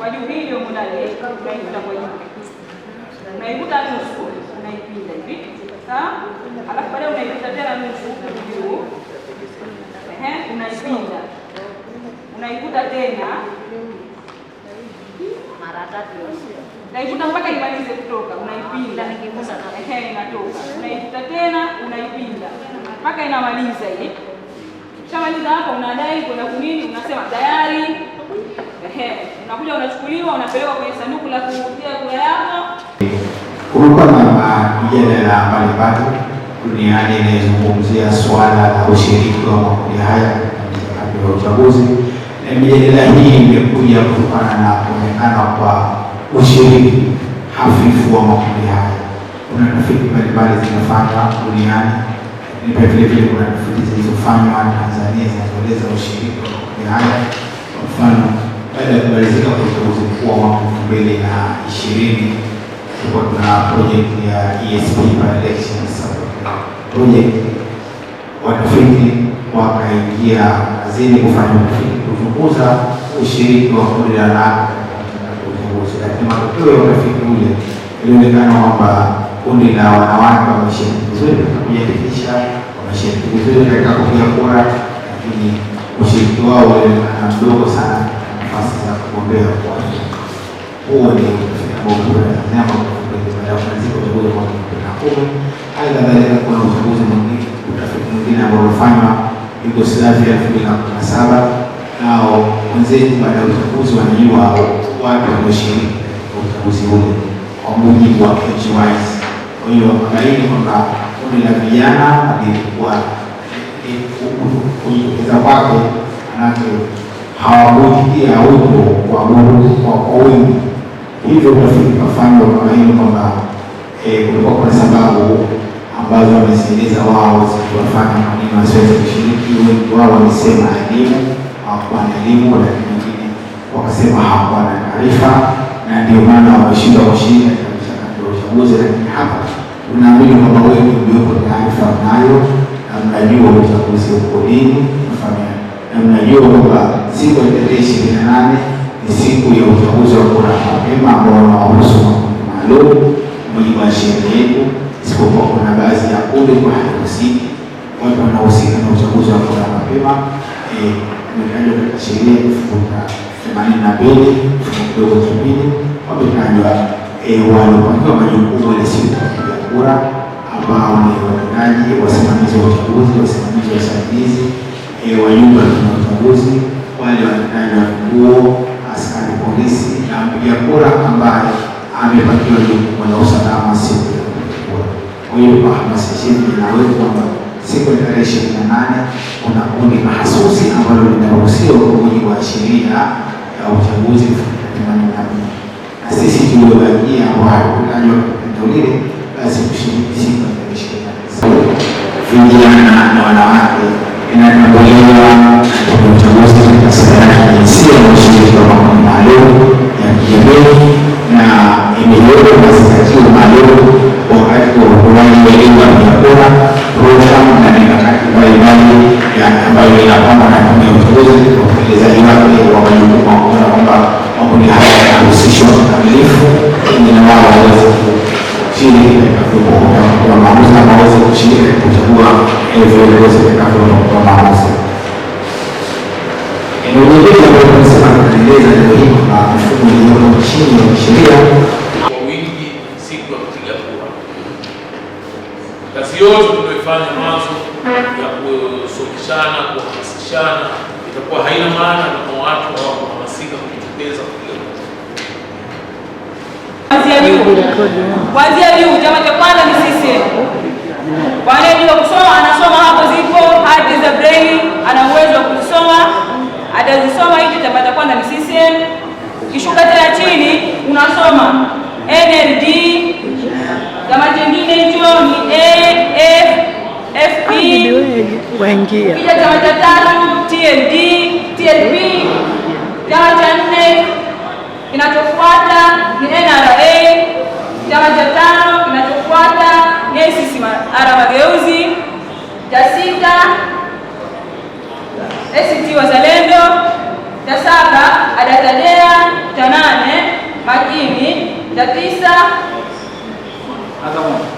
kwa juu hii ndio ndani unaikuta kwa juu, unaikuta nusu, unaipinda hivi sawa, alafu baadaye unaikuta tena nusu juu, ehe, unaipinda unaikuta tena mara tatu, unaikuta mpaka imalize kutoka, unaipinda ehe, inatoka, unaikuta tena, unaipinda mpaka inamaliza hii. Ukishamaliza hapo, unadai kwenda kunini, unasema tayari unakuja unachukuliwa unapelekwa kwenye sanduku la kuuzia kura yako. Kumekuwa na mijadala mbalimbali duniani inayozungumzia swala la ushiriki wa makundi haya katika uchaguzi, na mijadala hii imekuja kutokana na kuonekana kwa ushiriki hafifu wa makundi haya. Kuna tafiti mbalimbali zimefanywa duniani ni pia vilevile kuna tafiti zilizofanywa Tanzania zinazoeleza ushiriki wa makundi haya Mfano, baada ya kumalizika kwa uchaguzi mkuu wa mwaka elfu mbili na ishirini tuko tuna project ya ESP by elections. Project watafiti wakaingia kazini kufanya utafiti kupunguza ushiriki wa kundi la nane uchaguzi, lakini matokeo ya utafiti ule ilionekana kwamba kundi la wanawake wameshiriki vizuri katika kujiandikisha, wameshiriki vizuri katika kupiga kura, lakini ushiriki wao na mdogo sana nafasi za kugombea kwa huo ni Tanzania ya nyama na kumi. Hali kadhalika kuna uchaguzi mwingine, utafiti mwingine ambao ulifanywa Yugoslavia elfu mbili na kumi na saba nao wenzetu baada ya uchaguzi wanajua wapi wameshiriki uchaguzi ule kwa mujibu wa NCWISE. Kwa hiyo wakabaini kwamba kundi la vijana walikuwa kujitokeza kwake, manake hawakuitikia huko kwa wingi. Hivyo utafiti ukafanywa hiyo, kwamba eh, kulikuwa kuna sababu ambazo wamezieleza wao zikiwafanya walimu wasiweze kushiriki. Wengi wao wamesema elimu, hawakuwa na elimu, lakini wengine wakasema hawakuwa na taarifa, na ndio maana wameshindwa kushiriki katika uchaguzi. Lakini hapa tunaamini kwamba wengi mlioko taarifa nayo mnajua uchaguzi uko lini, na mnajua kwamba siku ya tarehe ishirini na nane ni siku ya uchaguzi wa kura mapema ambao unawahusu makundi maalum mujibu wa sheria yetu, isipokuwa kuna baadhi ya kundi kwa haruhusiki watu wanahusika na uchaguzi wa kura mapema umetajwa e, katika sheria kifungu cha themanini na mbili kifungu kidogo cha pili wametajwa e, wanapakiwa majukumu ya siku wasimamizi wa uchaguzi, wasimamizi wa usaidizi wajumbe eh, wa nyumba ya uchaguzi, wale wandani wa nguo, askari polisi na mpiga kura ambaye amepatiwa jukumu la usalama siku ya kupiga kura. Kwa hiyo kuhamasisheni nawe kwamba siku ya tarehe ishirini na nane kuna kundi mahasusi ambalo linaruhusiwa kwa mujibu wa sheria ya uchaguzi themanini na nne na sisi tuliobakia ambao hatukutajwa katika lile vijana na wanawake inatambuliwa katika uchaguzi katika sera ya kijinsia na ushiriki wa makundi maalum ya kijamii na imewekwa mazingatio maalum wakati wa ukuaji wa elimu ya wapiga kura, programu na mikakati mbalimbali ambayo inapangwa na Tume ya Uchaguzi kwa utekelezaji wake wa majukumu ya kuona kwamba makundi haya yanahusishwa kikamilifu ili na wao waweze chini ya maamuzi na kuchagua viongozi maamuzi. Eneo lingine ambayo tunasema kuendeleza eneo hili na mifumo iliyomo chini ya sheria wingi si kwa kupiga kura. Kazi yote tunayoifanya mwanzo ya kusomeshana, kuhamasishana itakuwa haina maana kama watu hawakuhamasika kujitokeza kupiga kura kuanzia juu. Chama cha kwanza ni sisi. Kwa anayejua kusoma anasoma, hapo zipo hati za braille, ana uwezo wa kuzisoma, atazisoma. hivi. chama cha kwanza ni sisi. Kishuka tena chini unasoma NLD. Chama chingine hicho ni AFFP. Kisha chama cha tatu TLD, TLP. Chama cha nne kinachofuata ni NRM Batista. Crista. Ah, tá bom.